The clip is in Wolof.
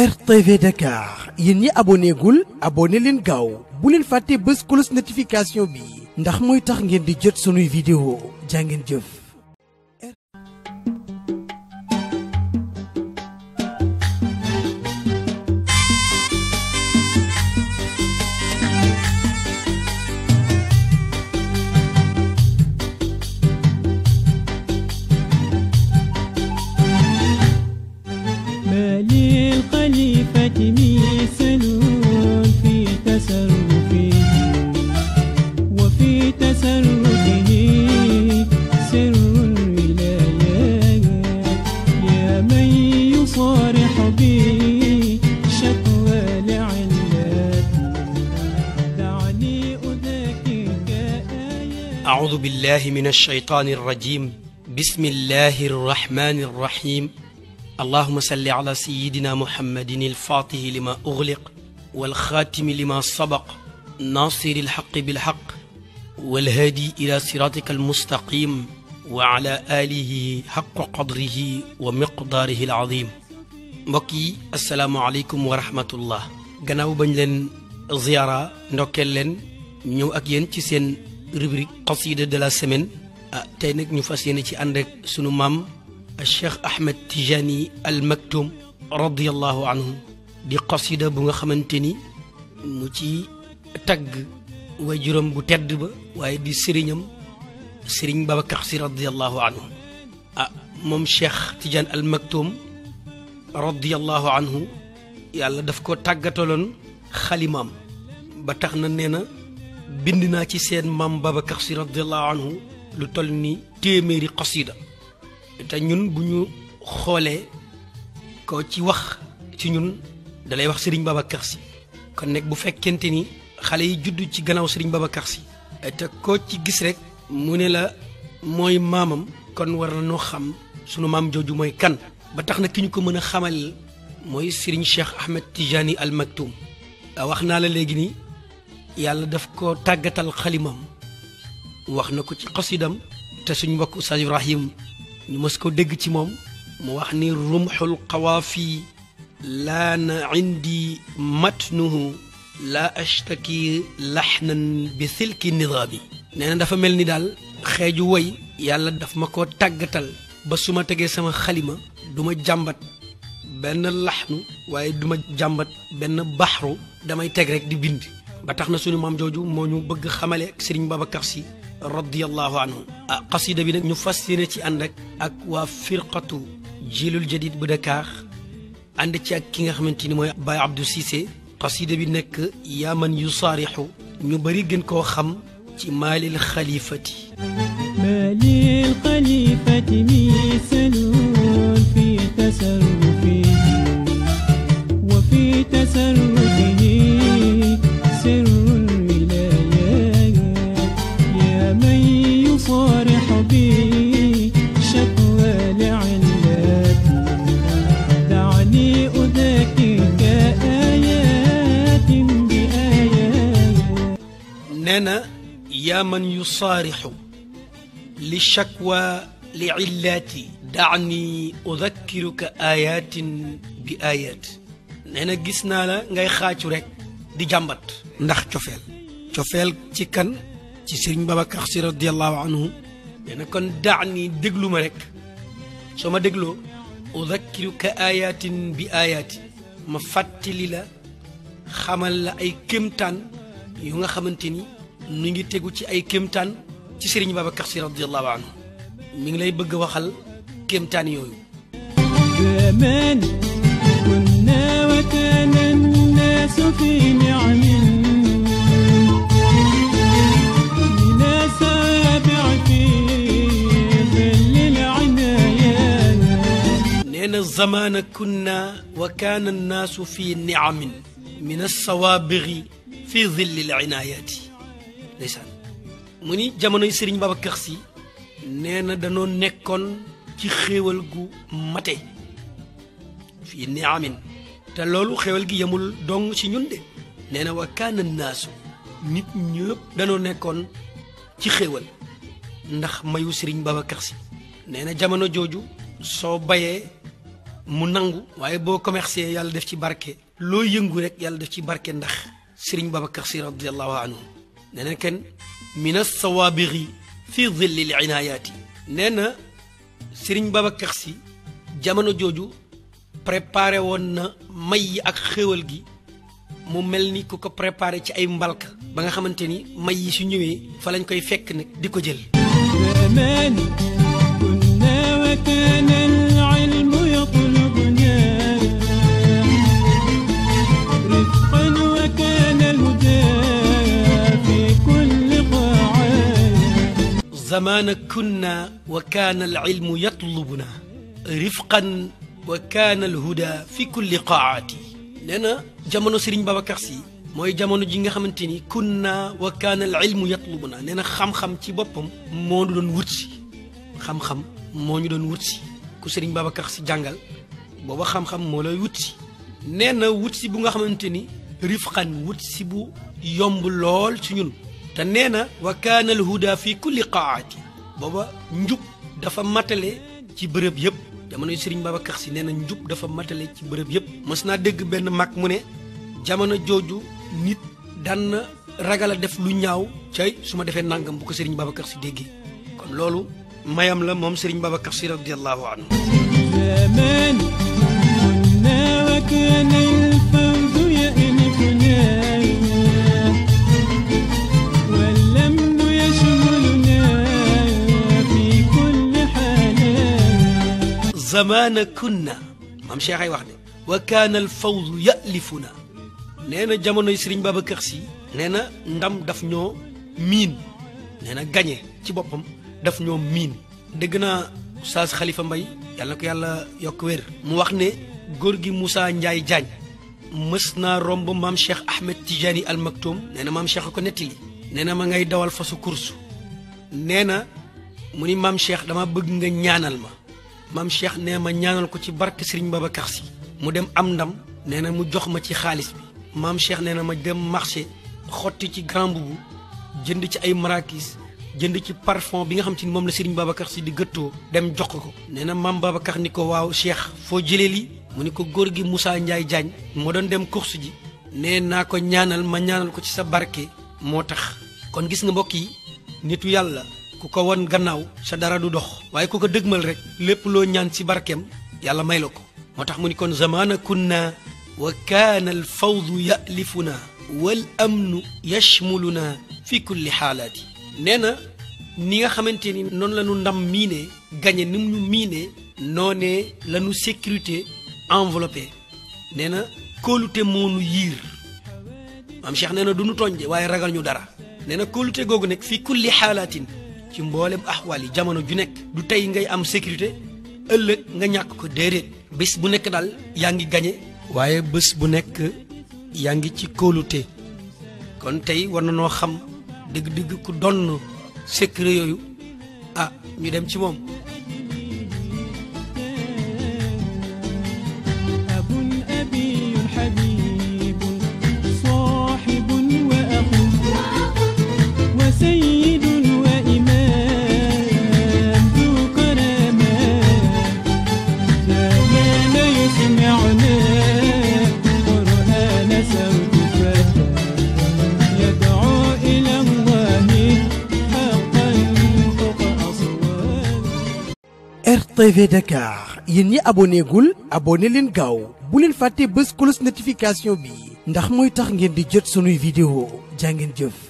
RTV Dakar yéen ñi abonné gul abonné leen gaaw bu leen faté beus notification bi ndax moy tax ngeen di jot sunuy vidéo jaa ngeen أعوذ بالله من الشيطان الرجيم بسم الله الرحمن الرحيم اللهم صل على سيدنا محمد الفاتح لما أغلق والخاتم لما سبق ناصر الحق بالحق والهادي إلى صراطك المستقيم وعلى آله حق قدره ومقداره العظيم مكي السلام عليكم ورحمة الله gannaaw bañ زيارة نوكلن نيو leen rubrique qasida de la semaine ah tey nag ñu fas ci ànd ak sunu mam Cheikh Ahmed Tijani al Maktoum radiyallahu anhu di qasida bu nga xamanteni mu ci way waajuram bu tedd ba waaye di serignam sëriñ Babacar si radiyallahu anhu ah mom Cheikh tijani al Maktoum radiyallahu anhu yàlla daf ko tagatalon khalimam ba taxna neena bind naa ci seen maam Babacar si radiallahu anhu lu toll ni téeméeri xasida te ñun bu ñu xoolee ko ci wax ci ñun dalay wax sëriñ Babacar si kon nekk bu fekkente ni xale yi judd ci gannaaw sëriñ Babacar si te koo ci gis rek mu ne la mooy maamam kon war na noo xam sunu maam jooju mooy kan ba tax na ki ñu ko mën a xamal mooy sëriñ Cheikh Ahmed Tijani Al Maktoum wax naa la léegi nii yàlla daf ko tàggatal xalimam wax na ko ci xasidam te suñ mbokk Oustaz Ibrahim ñu mës ko dégg ci moom mu wax ni rumxul xawaafi laa na indi matnuhu laa ashtaki laxnan bi silki nidaami nee na dafa mel ni daal xeeju woy yàlla daf ma ko tàggatal ba su ma tegee sama xalima du ma jàmbat benn laxnu waaye du ma jàmbat benn baxru damay teg rek di bind ba tax na suñu maam jooju moo ñu bëgg xamale ak sëriñ Babacar Sy radiyallahu anhu ah xasida bi nag ñu fas yéene ci ànd ak ak waa firqatu jilul jadid bu Dakar ànd ci ak ki nga xamante ni mooy Baye Abdou Cissé xasida bi nekk yaa man yusaarixu ñu bëri gën koo xam ci maalil xalifati maalil xalifati misalun fi tasarrufi wa fi tasarrufi من يصارح للشكوى لعلاتي دعني أذكرك آيات بآيات نحن جسنا لا نغي خاتو رك دي جنبت نخ جوفيل جوفيل تيكن تي بابا كرخسي رضي الله عنه نحن كن دعني دقلو مرك سوما دقلو أذكرك آيات بآيات ما لا خمال لا أي كمتان يونغ خمنتيني mi ngi tegu ci ay kéemtaan ci Serigne Babacar Sy radiyallahu anhu mi ngi lay bëgg waxal kéemtaan yoyu زمان كنا وكان الناس في نعم من الصوابغ في ظل العنايات ndeysaan mu ni jamonoy sëriñ Babacar Si nee na danoo nekkoon ci xéewal gu mate fii ni amin te loolu xéewal gi yemul dong ci ñun de nee na wa kaana naasu nit ñëpp danoo nekkoon ci xéewal ndax mayu sëriñ Babacar Si nee na jamono jooju soo bayee mu nangu waaye boo commercé yàlla def ci barke loo yëngu rek yàlla def ci barke ndax sëriñ Babacar Si radiallahu anhu nee na kenn mina sawaabiri fi zillil inaayaati nee na sëriñ Babacar si jamono jooju préparé woon na may yi ak xéwal gi mu mel ni ku ko préparé ci ay mbalka ba nga xamante ni may yi su ñëwee fa lañ koy fekk nag di ko jël زمان كنا وكان العلم يطلبنا رفقا وكان الهدى في كل قاعاتي لنا جمانو سرين بابا كارسي موي جمانو جيغا خامتيني كنا وكان العلم يطلبنا لنا خام خام تي بوبم مو دون ورسي خام خام مو دون ورسي كو سرين بابا كارسي جانغال بابا خام خام مو لاي ورسي نينا ورسي بوغا خامتيني رفقا ورسي بو يوم بلول سي te nee na wa kaana alhuda fi kulli qaati booba njub dafa matale ci bërëb yëpp jamono Serigne Babacar Sy nee na njub dafa matale ci bërëb yëpp mës naa dégg benn mag mu ne jamono jooju nit daan na ragal a def lu ñaaw cay su ma defee nangam bu ko Serigne Babacar Sy déggee kon loolu mayam la moom Serigne Babacar Sy radiallahu anhu zamana kunna maam Cheikh ay wax ne wa kaana al fawzu yalifuna nee na jamonoy Sëriñ Babacar Si nee na ndam daf ñoo miin nee na gañe ci boppam daf ñoo miin dégg naa Oustaz xalifa mbay yàlla ko yàlla yokk wér mu wax ne góor gi Moussa Ndiaye Diagne mës naa romb maam Cheikh Ahmed Tidiane Al Maktoum nee na maam Cheikh ko nee na ma ngay dawal fasu kursu nee na mu ni mam Cheikh dama bëgg nga ñaanal ma maam Cheikh nee ma ñaanal ko ci barke Serigne Babacar Sy mu dem am ndam nee na mu jox ma ci xaalis bi maam Cheikh nee na ma dem marché xotti ci grand boubou jënd ci ay marakis jënd ci parfum bi nga xam ci moom la Serigne Babacar Sy di gëttoo dem jox ko nee na maam Babacar ni ko waaw Cheikh foo jëlee lii mu ne ko góor gi Moussa Ndiaye Diagne moo doon dem course ji nee naa ko ñaanal ma ñaanal ko ci sa barke moo tax kon gis nga mbokk yi nitu yàlla ku ko won gannaaw sa dara du dox waaye ku ko dëgmal rek lépp loo ñaan si barkeem yàlla may la ko moo tax mu ni kon kun kunna wa kaana al fawdu yalifuna wal amnu yashmuluna fi kulli xaalaati nee na ni nga xamante ni noonu la ñu ndam miine gañe ni mu ñu miine noonee la ñu sécurité enveloppé nee na kóolute moonu yiir maam Cheikh nee na du ñu tooñ de waaye ragal ñu dara nee na kóolute googu nag fi kulli xaalaatin ci mbooleem axwaal yi jamono ju nekk du tey ngay am sécurité ëllëg nga ñàkk ko déedéet bés bu nekk daal yaa ngi gañe waaye bés bu nekk yaa ngi ci kóolute kon tey war na noo xam dëgg-dëgg ku donn secret yooyu ah ñu dem ci moom TV Dakar yéen ñi abonné gul abonné leen gaaw bu leen fàtte bés cloche notification bi ndax moy tax ngeen di jot sunuy vidéo jaa ngeen jëf.